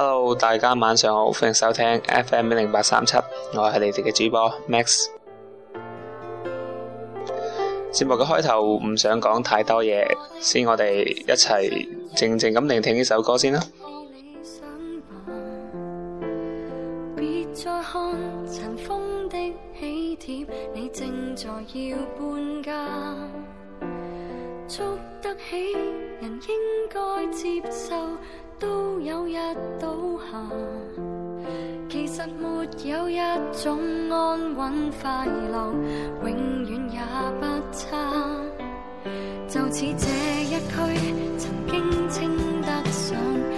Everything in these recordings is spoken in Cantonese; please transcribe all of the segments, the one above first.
Hello，大家晚上好，歡迎收聽 FM 一零八三七，我係你哋嘅主播 Max。節目嘅開頭唔想講太多嘢，先我哋一齊靜靜咁聆聽呢首歌先啦。都有日倒下，其實沒有一種安穩快樂永遠也不差。就似這一區曾經稱得上。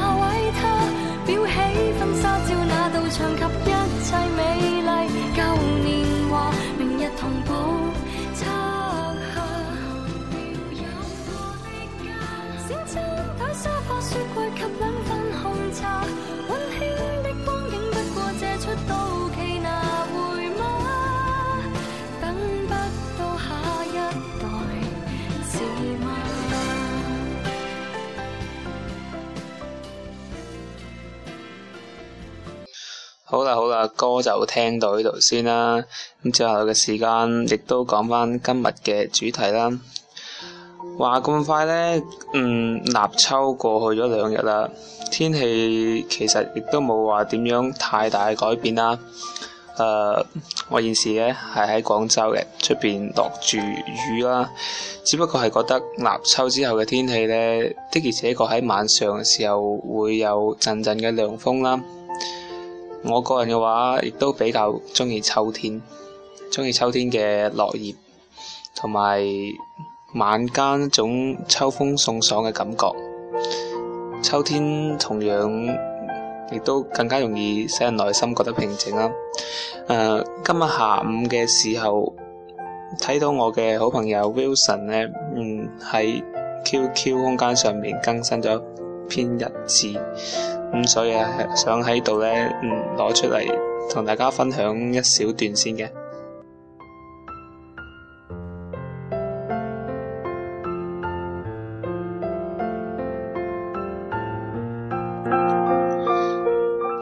就聽到呢度先啦，咁之後嘅時間亦都講翻今日嘅主題啦。話咁快呢？嗯，立秋過去咗兩日啦，天氣其實亦都冇話點樣太大嘅改變啦。誒、呃，我現時呢係喺廣州嘅，出邊落住雨啦。只不過係覺得立秋之後嘅天氣呢的而且確喺晚上嘅時候，會有陣陣嘅涼風啦。我個人嘅話，亦都比較中意秋天，中意秋天嘅落葉，同埋晚間一種秋風送爽嘅感覺。秋天同樣亦都更加容易使人內心覺得平靜啦。誒、呃，今日下午嘅時候睇到我嘅好朋友 Wilson 咧，嗯，喺 QQ 空間上面更新咗一篇日誌。咁所以啊，想喺度咧，嗯，攞出嚟同大家分享一小段先嘅。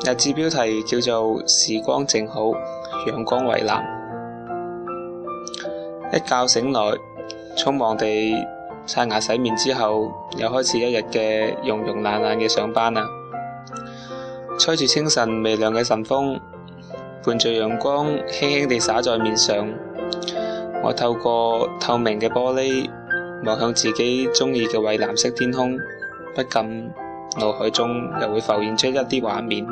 日誌標題叫做《時光正好，陽光為藍》。一覺醒來，匆忙地刷牙洗面之後，又開始一日嘅庸庸懶懶嘅上班啦。吹住清晨微涼嘅晨風，伴着陽光輕輕地灑在面上。我透過透明嘅玻璃望向自己中意嘅蔚藍色天空，不禁腦海中又會浮現出一啲畫面。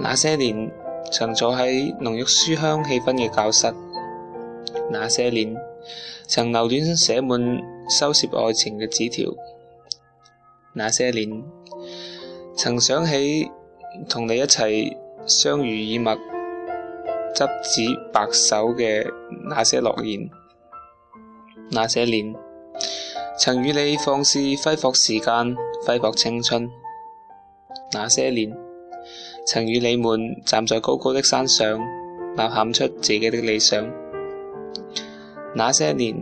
那些年曾坐喺濃郁書香氣氛嘅教室，那些年曾留戀寫滿羞澀愛情嘅紙條，那些年。曾想起同你一齊相濡以沫、執子白首嘅那些諾言，那些年，曾與你放肆揮霍時間、揮霍青春；那些年，曾與你們站在高高的山上吶喊出自己的理想；那些年，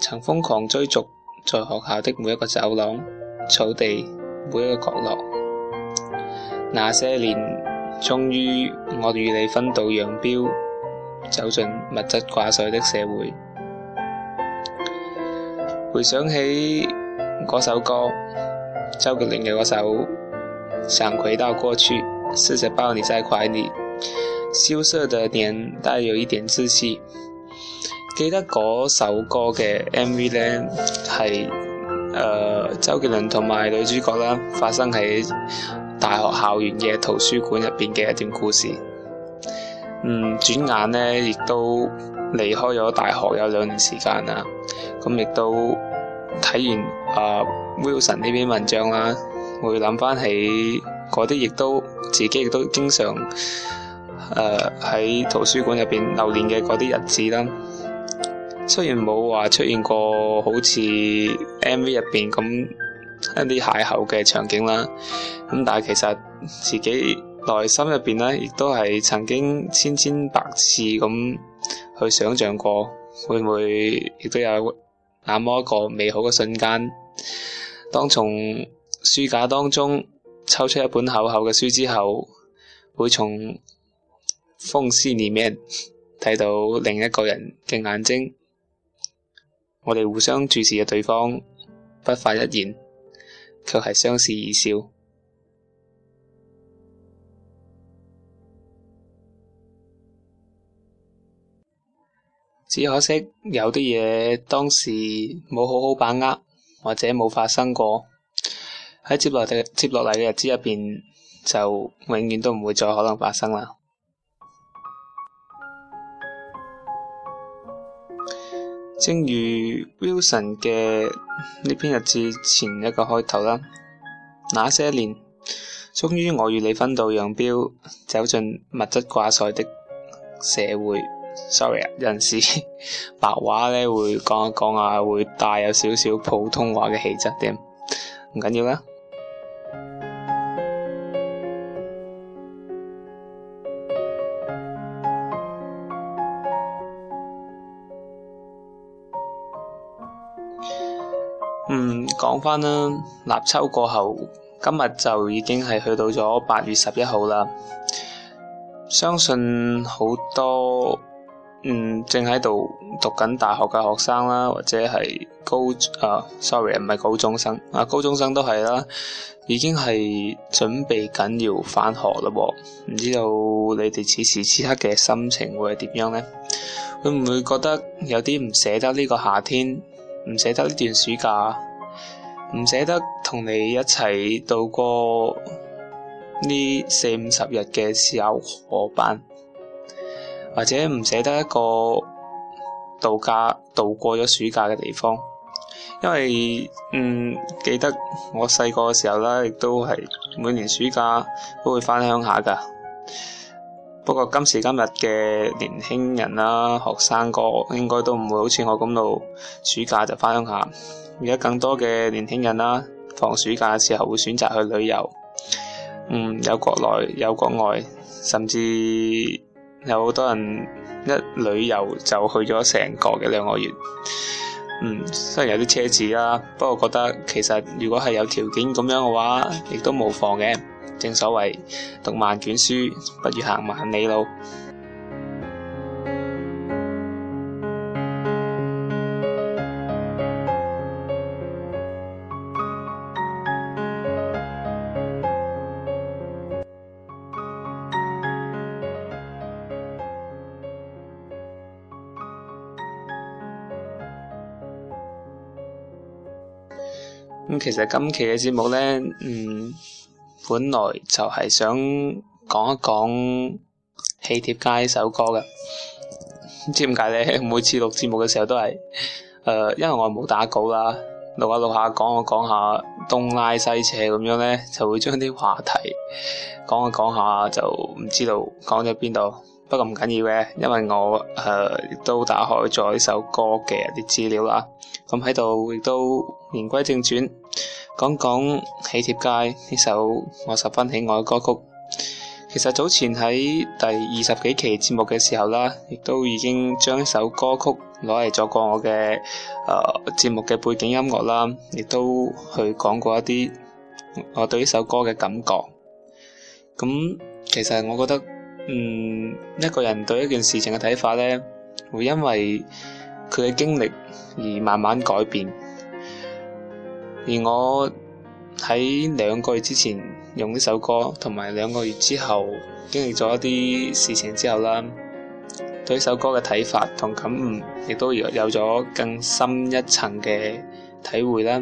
曾瘋狂追逐在學校的每一個走廊、草地。每一個角落，那些年，終於我與你分道揚鑣，走進物質掛帥的社會。回想起嗰首歌，周杰倫嘅嗰首《想回到過去》，試着抱你在懷裏，羞澀的臉帶有一點稚氣。記得嗰首歌嘅 MV 呢，係誒周杰倫同埋女主角啦，發生喺大學校園嘅圖書館入邊嘅一段故事。嗯，轉眼咧，亦都離開咗大學有兩年時間啦。咁、嗯、亦都睇完啊、呃、Wilson 呢篇文章啦，會諗翻起嗰啲，亦都自己亦都經常誒喺、呃、圖書館入邊留念嘅嗰啲日子啦。雖然冇話出現過好似 M.V. 入邊咁一啲邂逅嘅場景啦，咁但係其實自己內心入邊咧，亦都係曾經千千百次咁去想像過，會唔會亦都有那麼一個美好嘅瞬間？當從書架當中抽出一本厚厚嘅書之後，會從縫隙裡面睇到另一個人嘅眼睛。我哋互相注視嘅對方，不發一言，卻係相視而笑。只可惜有啲嘢當時冇好好把握，或者冇發生過，喺接落嚟嘅、接落嚟嘅日子入邊，就永遠都唔會再可能發生啦。正如 Wilson 嘅呢篇日誌前一個開頭啦，那些年，終於我與你分道揚鑣，走進物質掛帥的社會。Sorry 啊，有陣時，白話咧會講一講下，會帶有少少普通話嘅氣質，點唔緊要啦。嗯，講翻啦，立秋過後，今日就已經係去到咗八月十一號啦。相信好多嗯正喺度讀緊大學嘅學生啦，或者係高啊，sorry 唔係高中生啊，高中生都係啦，已經係準備緊要翻學啦。唔知道你哋此時此刻嘅心情會係點樣呢？會唔會覺得有啲唔捨得呢個夏天？唔捨得呢段暑假，唔捨得同你一齊度過呢四五十日嘅時候夥伴，或者唔捨得一個度假度過咗暑假嘅地方。因為嗯，記得我細個嘅時候啦，亦都係每年暑假都會翻鄉下噶。不過今時今日嘅年輕人啦、啊，學生哥應該都唔會好似我咁到暑假就返鄉下。而家更多嘅年輕人啦、啊，放暑假嘅時候會選擇去旅遊。嗯，有國內有國外，甚至有好多人一旅遊就去咗成個嘅兩個月。嗯，雖然有啲奢侈啦、啊，不過覺得其實如果係有條件咁樣嘅話，亦都冇妨嘅。正所謂讀萬卷書，不如行萬里路。咁、嗯、其實今期嘅節目咧，嗯。本來就係想講一講《喜帖街》呢首歌嘅，唔知點解咧，每次錄節目嘅時候都係，誒、呃，因為我冇打稿啦，錄下錄下講下講下，東拉西扯咁樣咧，就會將啲話題講下講下就唔知道講咗邊度，不過唔緊要嘅，因為我誒、呃、亦都打開咗呢首歌嘅啲資料啦，咁喺度亦都言歸正傳。講講喜帖街呢首我十分喜愛嘅歌曲，其實早前喺第二十幾期節目嘅時候啦，亦都已經將呢首歌曲攞嚟作過我嘅誒節目嘅背景音樂啦，亦都去講過一啲我對呢首歌嘅感覺。咁，嗯，其實我覺得，嗯，一個人對一件事情嘅睇法咧，會因為佢嘅經歷而慢慢改變。而我喺兩個月之前用呢首歌，同埋兩個月之後經歷咗一啲事情之後啦，對呢首歌嘅睇法同感悟，亦都有咗更深一層嘅體會啦。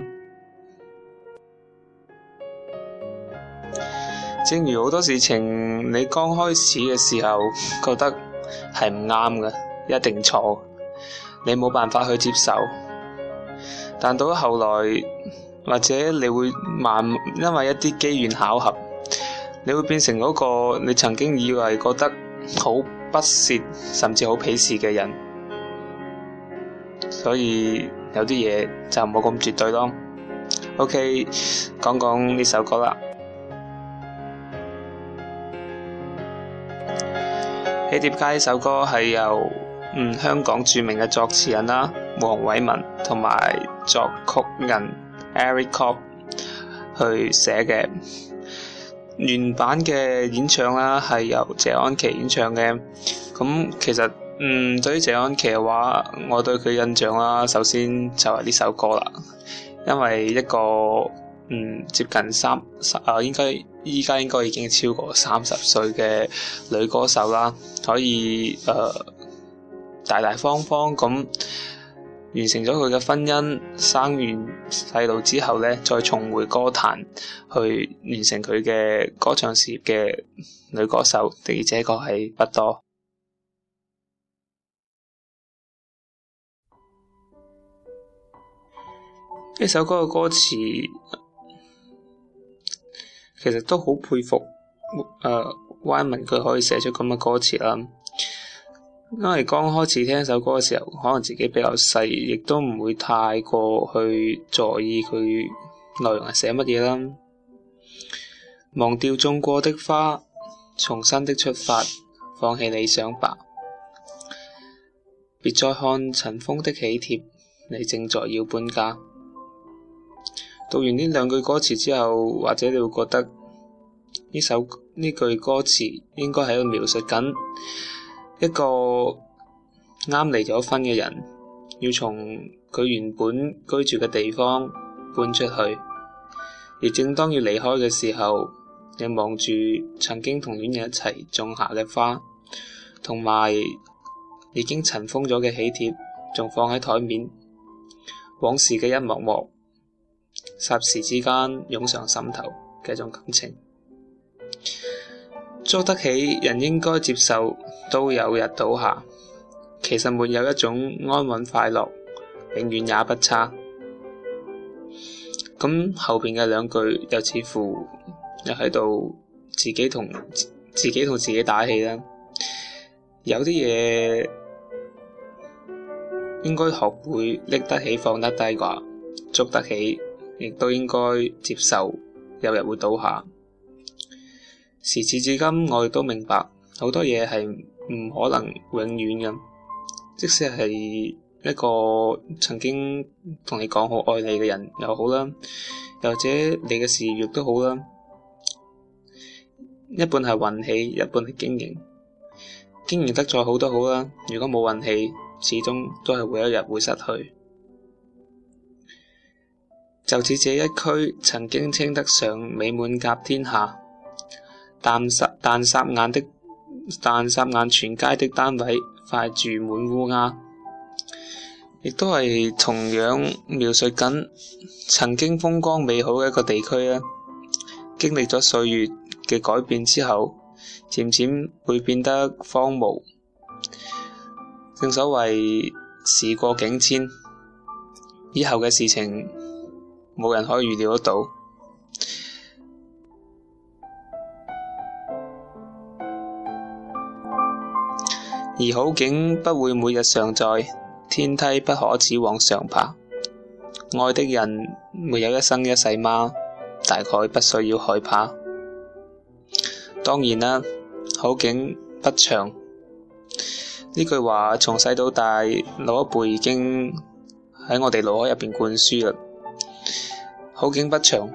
正如好多事情，你剛開始嘅時候覺得係唔啱嘅，一定錯，你冇辦法去接受，但到咗後來，或者你會慢，因為一啲機緣巧合，你會變成嗰個你曾經以為覺得好不屑，甚至好鄙視嘅人。所以有啲嘢就冇咁絕對咯。OK，講講呢首歌啦，《喜帖街》呢首歌係由嗯，香港著名嘅作詞人啦，黃偉文同埋作曲人。Eric Cop 去寫嘅原版嘅演唱啦，係由謝安琪演唱嘅。咁其實嗯，對於謝安琪嘅話，我對佢印象啦，首先就係呢首歌啦，因為一個嗯接近三十啊、呃，應該依家應該已經超過三十歲嘅女歌手啦，可以誒、呃、大大方方咁。完成咗佢嘅婚姻，生完細路之後呢，再重回歌壇去完成佢嘅歌唱事業嘅女歌手，的而且確係不多。呢 首歌嘅歌詞其實都好佩服，誒、呃，Wyman 佢可以寫出咁嘅歌詞啦。因為剛開始聽一首歌嘅時候，可能自己比較細，亦都唔會太過去在意佢內容係寫乜嘢啦。忘掉種過的花，重新的出發，放棄理想吧。別再看塵封的喜帖，你正在要搬家。讀完呢兩句歌詞之後，或者你會覺得呢首呢句歌詞應該喺度描述緊，一個啱離咗婚嘅人，要從佢原本居住嘅地方搬出去，而正當要離開嘅時候，你望住曾經同戀人一齊種下嘅花，同埋已經塵封咗嘅喜帖，仲放喺台面，往事嘅一幕幕，霎時之間湧上心頭嘅一種感情。捉得起，人應該接受，都有日倒下。其實沒有一種安穩快樂，永遠也不差。咁後邊嘅兩句又似乎又喺度自己同自己同自己打氣啦。有啲嘢應該學會拎得起放得低啩，捉得起亦都應該接受，有日會倒下。時至至今，我亦都明白好多嘢係唔可能永遠嘅，即使係一個曾經同你講好愛你嘅人又好啦，又或者你嘅事業都好啦，一半係運氣，一半係經營。經營得再好都好啦，如果冇運氣，始終都係會有一日會失去。就似這一區，曾經稱得上美滿甲天下。但霎但霎眼的但霎眼全街的單位快住滿烏鴉，亦都係同樣描述緊曾經風光美好嘅一個地區啦。經歷咗歲月嘅改變之後，漸漸會變得荒蕪。正所謂時過境遷，以後嘅事情冇人可以預料得到。而好景不會每日常在，天梯不可只往上爬。愛的人沒有一生一世嗎？大概不需要害怕。當然啦，好景不長，呢句話從細到大，老一輩已經喺我哋腦海入邊灌輸啦。好景不長，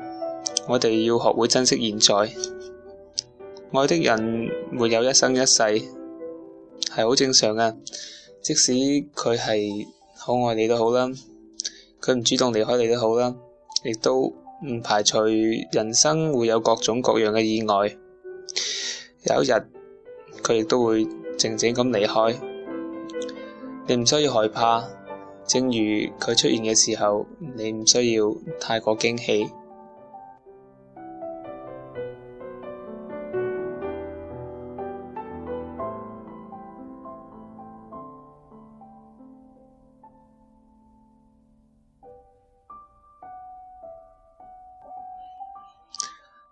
我哋要學會珍惜現在。愛的人沒有一生一世。係好正常嘅，即使佢係好愛你都好啦，佢唔主動離開你都好啦，亦都唔排除人生會有各種各樣嘅意外，有一日佢亦都會靜靜咁離開，你唔需要害怕。正如佢出現嘅時候，你唔需要太過驚喜。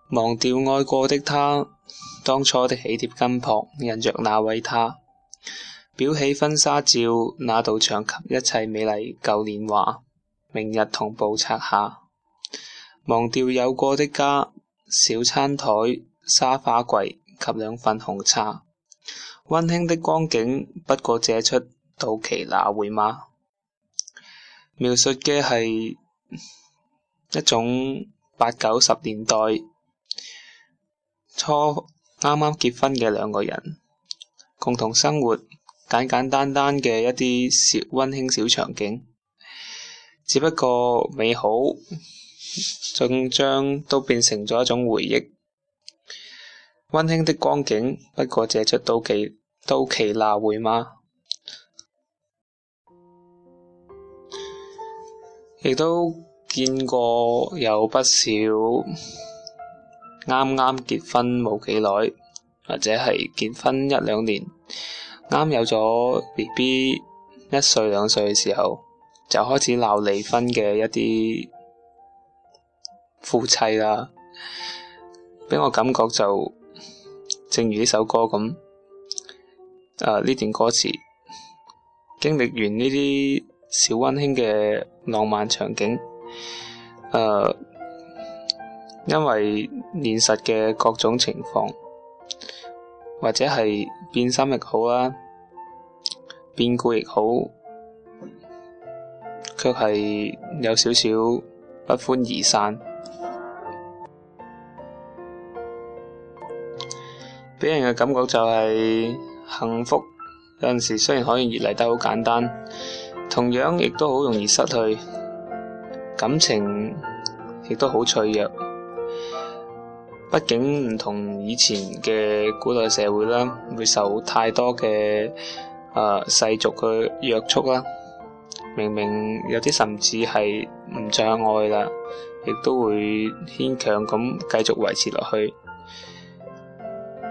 忘掉愛過的他，當初的喜帖金箔印着那位他，裱起婚紗照，那道牆及一切美麗舊年華，明日同步拆下。忘掉有過的家，小餐台、沙發櫃及兩份紅茶，温馨的光景，不過借出到期那會嗎？描述嘅係一種八九十年代。初啱啱結婚嘅兩個人，共同生活，簡簡單單嘅一啲小溫馨小場景，只不過美好，終將都變成咗一種回憶。溫馨的光景，不過借出到期都幾那會嗎？亦都見過有不少。啱啱結婚冇幾耐，或者係結婚一兩年，啱有咗 BB 一歲兩歲嘅時候，就開始鬧離婚嘅一啲夫妻啦，俾我感覺就正如呢首歌咁，誒、呃、呢段歌詞，經歷完呢啲小温馨嘅浪漫場景，誒、呃。因為現實嘅各種情況，或者係變心亦好啦，變故亦好，卻係有少少不歡而散，畀 人嘅感覺就係幸福，有陣時雖然可以越嚟得好簡單，同樣亦都好容易失去，感情亦都好脆弱。畢竟唔同以前嘅古代社會啦，會受太多嘅誒世俗嘅約束啦。明明有啲甚至係唔障礙啦，亦都會牽強咁繼續維持落去。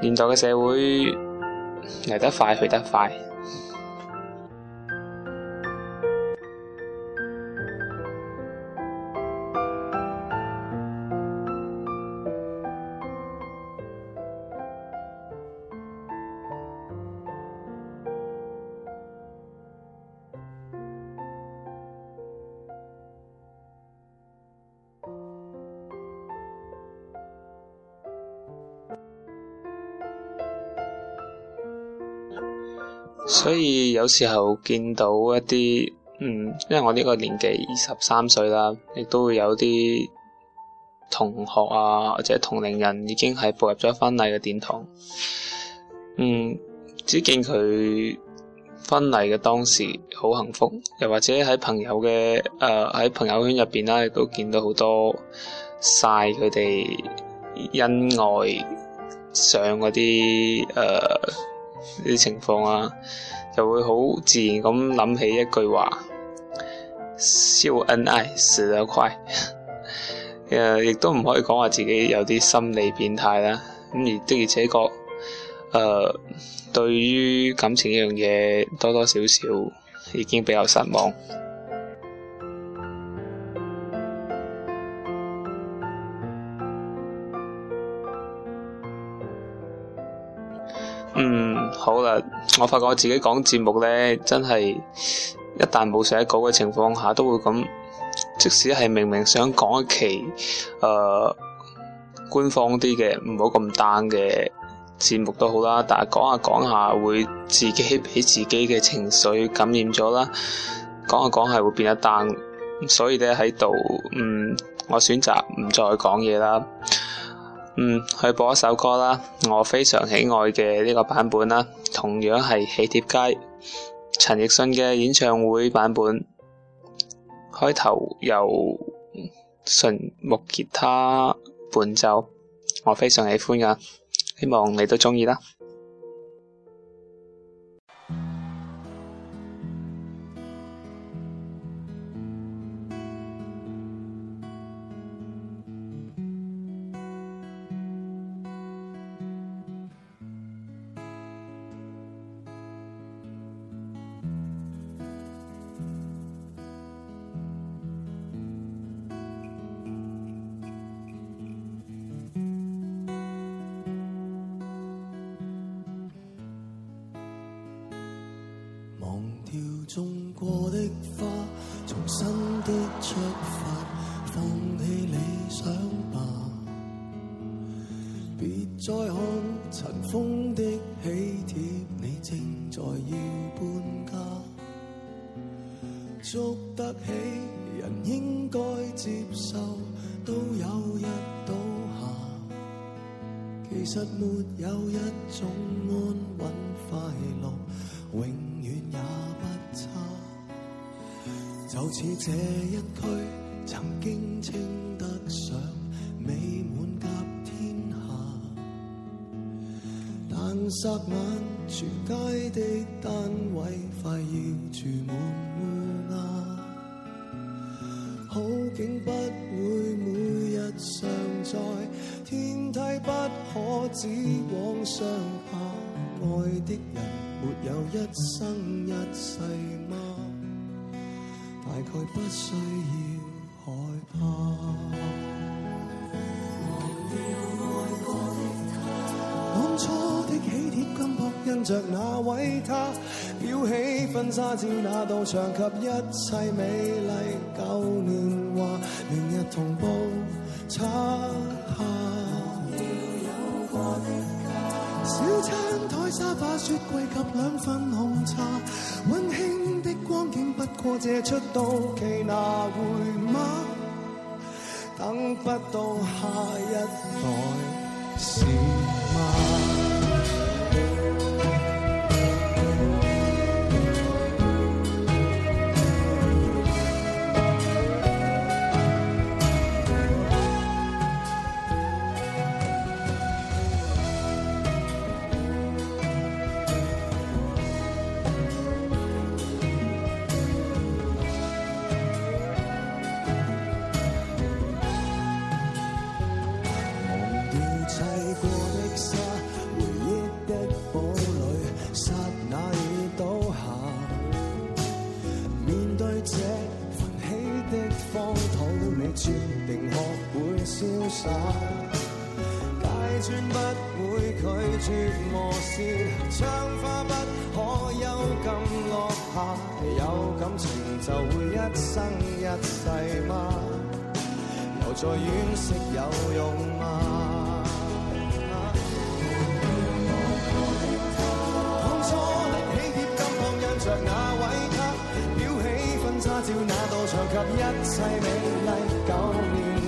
現代嘅社會嚟得快，去得快。嗰時候見到一啲，嗯，因為我呢個年紀二十三歲啦，亦都會有啲同學啊，或者同齡人已經係步入咗婚禮嘅殿堂。嗯，只見佢婚禮嘅當時好幸福，又或者喺朋友嘅誒喺朋友圈入面啦，亦都見到好多晒佢哋恩愛上嗰啲誒呢啲情況啊。就會好自然咁諗起一句話，燒恩愛死得快，誒，亦都唔可以講話自己有啲心理變態啦。咁而的而且確，誒、呃，對於感情呢樣嘢，多多少少已經比較失望。好啦，我發覺我自己講節目咧，真係一旦冇寫稿嘅情況下，都會咁。即使係明明想講一期誒、呃、官方啲嘅，唔好咁 down 嘅節目都好啦，但係講下講下會自己俾自己嘅情緒感染咗啦，講下講係會，會變得 down，所以咧喺度，嗯，我選擇唔再講嘢啦。嗯，去播一首歌啦，我非常喜愛嘅呢個版本啦，同樣係喜帖街陳奕迅嘅演唱會版本，開頭由純木吉他伴奏，我非常喜歡㗎，希望你都中意啦。.再看塵封的喜帖，你正在要搬家。築得起人應該接受，都有日倒下。其實沒有一種安穩快樂永遠也不差。就似這一區曾經稱得上。霎眼，全街的單位快要住滿烏鴉。好景不會每日常在，天梯不可只往上爬。愛的人沒有一生一世嗎？大概不需要害怕。因着那位他裱起婚紗照那道牆及一切美麗舊年華，明日同步拆下。 小餐枱、沙發、雪櫃及兩份紅茶，溫馨的光景，不過借出到期拿回嗎？等不到下一代是嗎？街磚不會拒絕磨蝕，窗花不可幽禁落下。有感情就會一生一世嗎？留在惋惜有用嗎？當、嗯、初的喜帖金箔印着那位他，裱起婚紗照那道牆及一切美麗，舊年。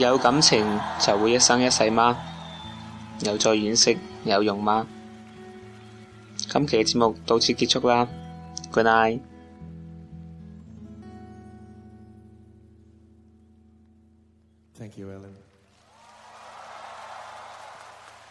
有感情就會一生一世嗎？又再惋惜有用嗎？今期嘅節目到此結束啦，Good night！Thank you，Ellen。